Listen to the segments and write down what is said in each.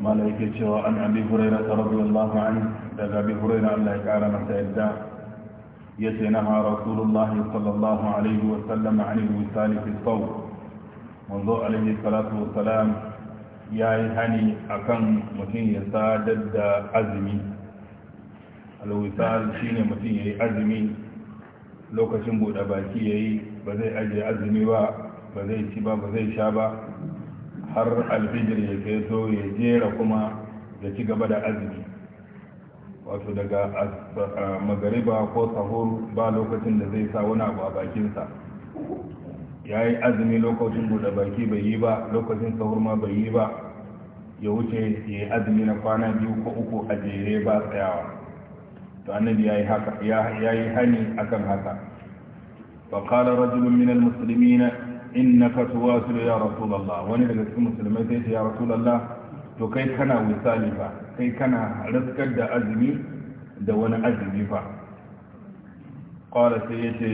mala cewa an abi huraira ta radiyallahu an daga abi huraira Allah ya kara masa yadda ya ce na ha rasulullahi sallallahu alaihi wa sallam an wisali fi sau manzo alaihi salatu wa salam ya yi hani a kan mutum ya sadar da azumi alwisal ne mutum ya yi azumi lokacin buɗe baki ya yi ba zai ajiye azumi ba ba zai ci ba ba zai sha ba har alfijir ya so ya jera kuma ya ci gaba da azumi wato daga magariba ko sahur ba lokacin da zai sa wani abu a bakinsa ya yi azumi lokacin buɗe baki bai yi ba lokacin sahur ma bai yi ba ya wuce ya yi azumi na kwana biyu ko uku a jere ba tsayawa to annabi ya yi hani akan haka فقال رجل من المسلمين إنك تواصل يا رسول الله وانا لك مسلمين يا رسول الله to kai kana misali fa kai kana raskar da azumi da wani azumi fa ƙwara sai ya ce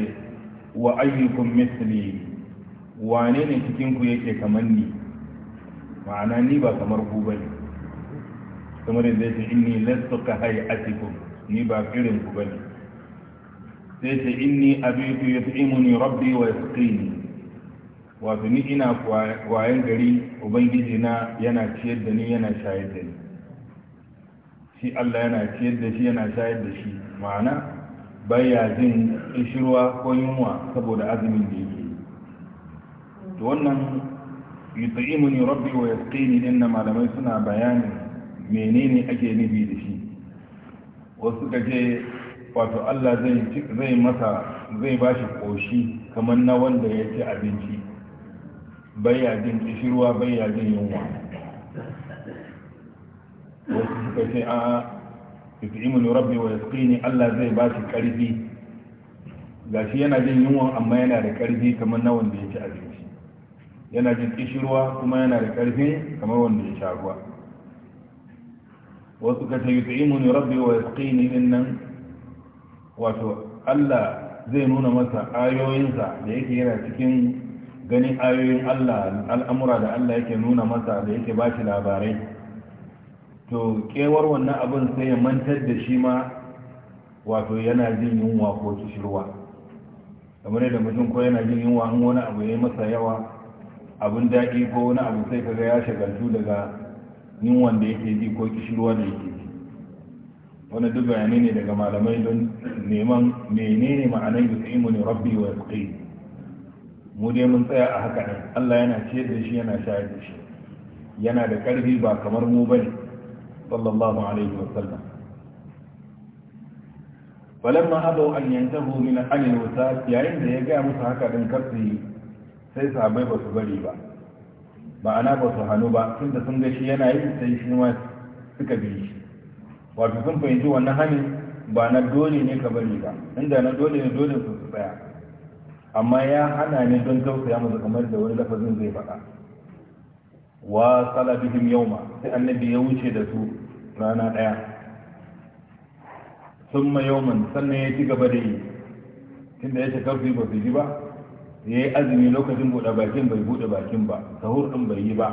wa ayyukun misli wane ne cikinku yake kamar ni ma'ana ni ba kamar ku ba ne kamar yadda ya ce inni lasu ka hayi atikun ni ba irin ku ba ne sai ce inni abitu yut'imuni rabbi wa yasqini wato ni ina kwayan gari ubangiji na yana ciyar da ni yana shayar da ni shi Allah yana ciyar da shi yana shayar da shi ma'ana baya jin kishirwa ko yunwa saboda azumin da yake to wannan yut'imuni rabbi wa yasqini din malamai suna bayanin menene ake nufi da shi wasu kaje wato Allah zai zai masa zai bashi koshi kamar na wanda ya ci abinci baya jin kishirwa baya jin yunwa wasu suka ce a yut'imuni rabbi wa yasqini Allah zai ba ƙarfi. karfi shi yana jin yunwa amma yana da karfi kamar na wanda ya ci abinci yana jin kishirwa kuma yana da karfi kamar wanda ya sha ruwa wasu ka ce yut'imuni rabbi wa yasqini din nan wato Allah zai nuna masa ayoyinsa da yake yana cikin ganin ayoyin Allah al'amura da Allah yake nuna masa da yake ba shi labarai to kewar wannan abin sai ya mantar da shi ma wato yana jin yunwa ko kishirwa kamar yadda mutum ko yana jin yunwa in wani abu ya yi masa yawa abin daɗi ko wani abu sai kaga ya shagaltu daga yunwan da yake ji ko kishirwa da yake ji wani duk bayanai ne daga malamai don neman menene ma'anar yusimu ne rabbi wa yasqi mu dai mun tsaya a haka nan Allah yana ciyar da shi yana shayar da shi yana da karfi ba kamar mu bane sallallahu alaihi wa sallam falamma abaw an yantahu min anil wasaq yayin da ya ga musu haka din karfi sai sahabbai ba su bari ba ma'ana ba su hannu ba tunda sun ga shi yana yin sai shi ma suka bi shi wato sun fahimci wannan hanyar ba na dole ne ka bari ba inda na dole ne dole su su tsaya amma ya hana ne don tausaya musu kamar da wani lafazin zai faɗa wa salabihim yauma sai annabi ya wuce da su rana ɗaya sun ma yauman sannan ya ci gaba da yi tunda ya ce su ba su ji ba ya yi azumi lokacin buɗe bakin bai buɗe bakin ba sahur ɗin bai yi ba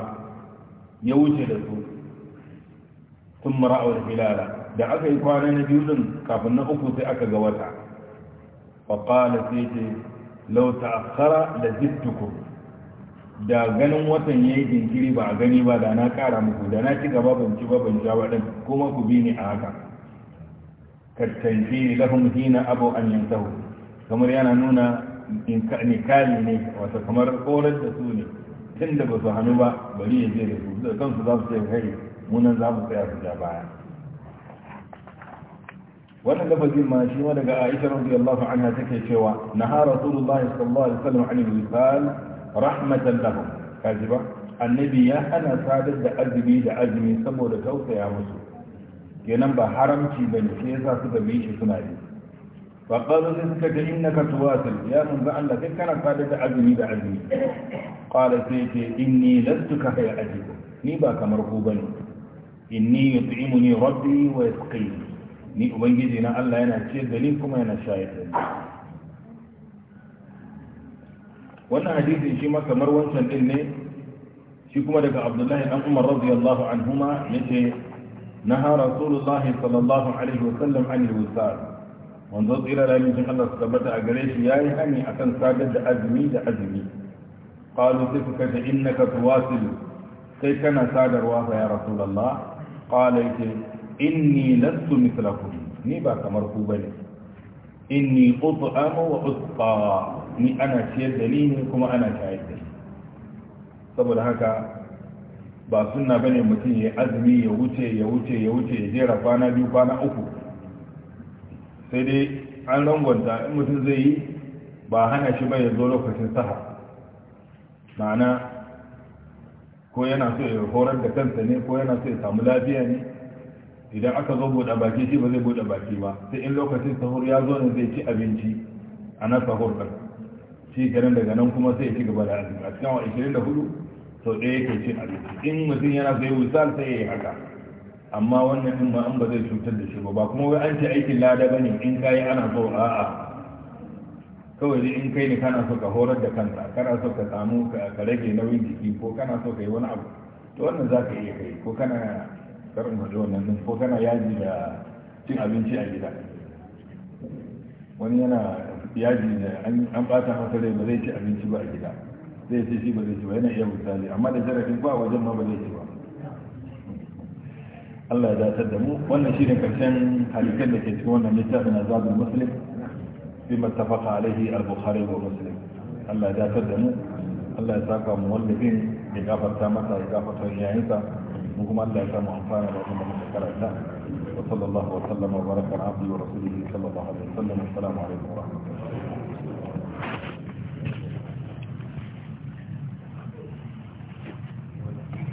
ya wuce da su sun mara'awar hilala da aka yi kwana na biyu din kafin na uku sai aka ga wata faƙala sai ce lau ta'akhara da zittuku da ganin watan ya yi jinkiri ba a gani ba da na ƙara muku da na ci gaba ban ci ba ban sha ba kuma ku bi ni a haka kattanci lahum hina abu an yantahu kamar yana nuna nikali ne wata kamar korar da su ne tun da ba su hannu ba bari ya je da su kansu za su ce kai munan za mu tsaya su ja baya wannan lafazin ma shi ma daga aisha radiyallahu anha take cewa na ha rasulullahi sallallahu alaihi wasallam an yusal rahmatan lahum kaji ba annabi ya hana sadar da azumi da azumi saboda tausaya musu kenan ba haramci ba ne sai yasa suka bi shi suna yi فقالوا لك إنك تواصل يا من زعل لك كان قادة عزمي بعزمي قال سيتي إني لست كهي أجيب نيبا كمرغوبا inni yut'imuni rabbi wa yasqini ni ubangiji na Allah yana ciyar da ni kuma yana shayar da ni wannan hadisin shi ma kamar wancan din ne shi kuma daga Abdullahi dan Umar radiyallahu anhuma yace naha rasulullahi sallallahu alaihi wa sallam an al-wisal tsira da mijin Allah su tabbata a gare shi yayi hani akan sadar da azumi da azumi qalu sai suka ce innaka tuwasil sai kana sadarwa ya rasulullah qala yake inni lastu mithlakum ni ba kamar ku bane inni ut'amu wa usqa ni ana ciyar da ni kuma ana shayar da saboda haka ba sunna bane mutum ya azumi ya wuce ya wuce ya wuce ya jera kwana biyu kwana uku sai dai an rangwanta in mutum zai yi ba hana shi ba ya zo lokacin sahar ma'ana ko yana so ya horar da kansa ne ko yana so ya samu lafiya ne idan aka zo buɗe baki shi ba zai buɗe baki ba sai in lokacin sahur ya zo ne zai ci abinci a na sahur ɗin shi ganin daga nan kuma sai ya ci gaba da azumi a cikin awa ishirin da hudu sau ɗaya yake cin abinci in mutum yana so ya wisal sai ya yi haka amma wannan in ma an ba zai cutar da shi ba kuma wai an ce aikin lada ba ne in ka yi ana so a'a kawai in kai ne kana so ka horar da kanka kana so ka samu ka rage nauyin jiki ko kana so ka yi wani abu to wannan za ka iya kai ko kana karin hajji wannan ko kana yaji da cin abinci a gida wani yana yaji da an bata masa rai ba zai ci abinci ba a gida zai ce shi ba zai ci ba yana iya misali amma da jarabin ba wajen ma ba zai ci ba Allah ya dace da mu wannan shi ne karshen halittar da ke cikin wannan littafin azabul muslim بما اتفق عليه البخاري ومسلم الله يا تدمو الله يساقى مولدين إقافة تامتا إقافة تنيايتا مهم الله يسامو أنفانا وأنه مشكرا الله وصلى الله وسلم وبارك على عبده ورسوله صلى الله عليه وسلم السلام عليكم ورحمة الله